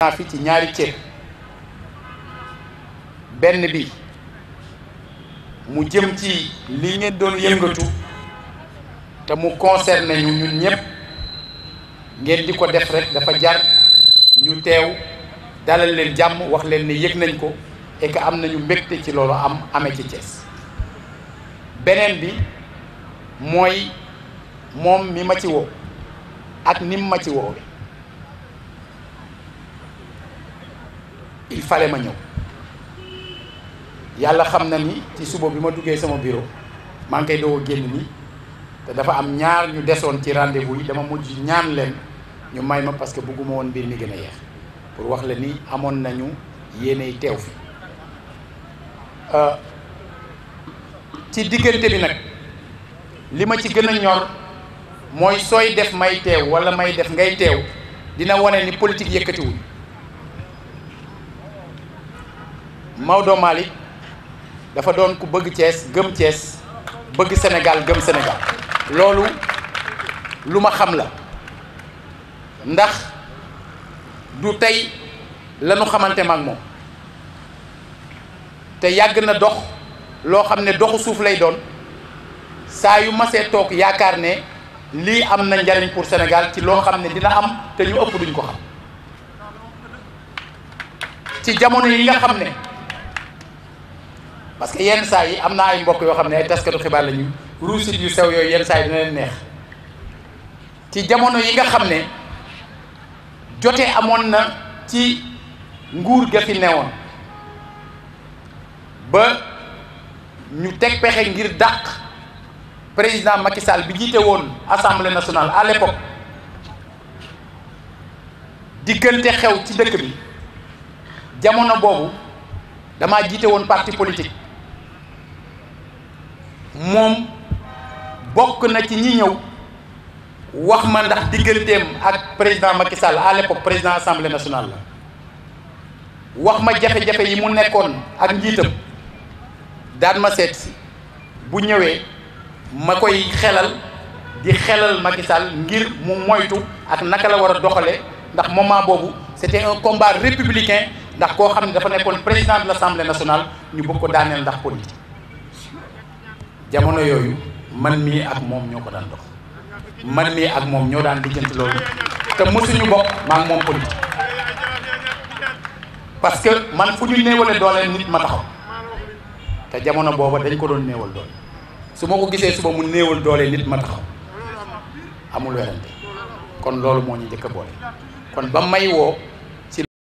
naa fi ci ñaari cër benn bi mu jëm ci li ngeen doon yëngatu te mu concerné ñu ñun ñëpp ngeen di ko def rek dafa jar ñu teew dalal leen jàmm wax leen ne yëg nañ ko et am nañu mbégte ci loolu am amee ci Thiès beneen bi mooy moom mi ma ci woo ak nim ma ci woowee il fallait ma ñëw yàlla xam na ni ci suba bi ma duggee sama bureau maa ngi koy doog génn nii te dafa am ñaar ñu desoon ci rendez-vous yi dama mujj ñaan leen ñu may ma parce que bëgguma woon mbir mi gën a yeex pour wax la ni amoon nañu yéenay teew fi euh, ci diggante bi nag li ma ci gën a ñor mooy sooy def may teew wala may def ngay teew dina wane ni politique yëkkatiwuñ Maodo Malick dafa doon ku bëgg cees gëm cees bëgg senegal gëm senegal loolu lu ma xam la ndax du tey lañu xamante maak moom te yàgg na dox loo xam ne doxu suuf lay doon saa yu mase toog yaakaar ne lii am na njariñ pour senegal ci loo xam ne dina am te ñu ëpp duñ ko xam ci jamono yi nga xam ne parce que yenn saa yi am na ay mbokk yoo xam ne ay taskatu xibaar la ñu ruusit yu sew yooyu yenn saa yi dina leen neex ci jamono yi nga xam ne jote amoon na ci nguur ga fi newoon ba ñu teg pexe ngir dàq président Macky Sall bi jiite woon assemblée nationale à l'époque diggante xew ci dëkk bi jamono boobu damaa jiite woon parti politique moom bokk na ci ñi ñëw wax ma ndax digganteem ak président Macky Sall à l'époque président assemblée nationale la wax ma jafe-jafe yi mu nekkoon ak njiitam daan ma seet si bu ñëwee ma koy xelal di xelal Macky Sall ngir mu moytu ak naka la war a doxale ndax moment boobu c'était un combat républicain ndax koo xam ne dafa nekkoon président de l'Assemblée nationale ñu bëgg ko daaneel ndax politique jamono yooyu man mii ak moom ñoo ko daan dox man mii ak moom ñoo daan lijjanti loolu te mosuñu bokk maa moom politique parce que man fu ñu néewale doole nit ma taxaw te jamono booba dañ ko doon néewal doole su ma ko gisee suba mu néewal doole nit ma taxaw amul werante kon loolu moo ñu njëkk a boole kon ba may woo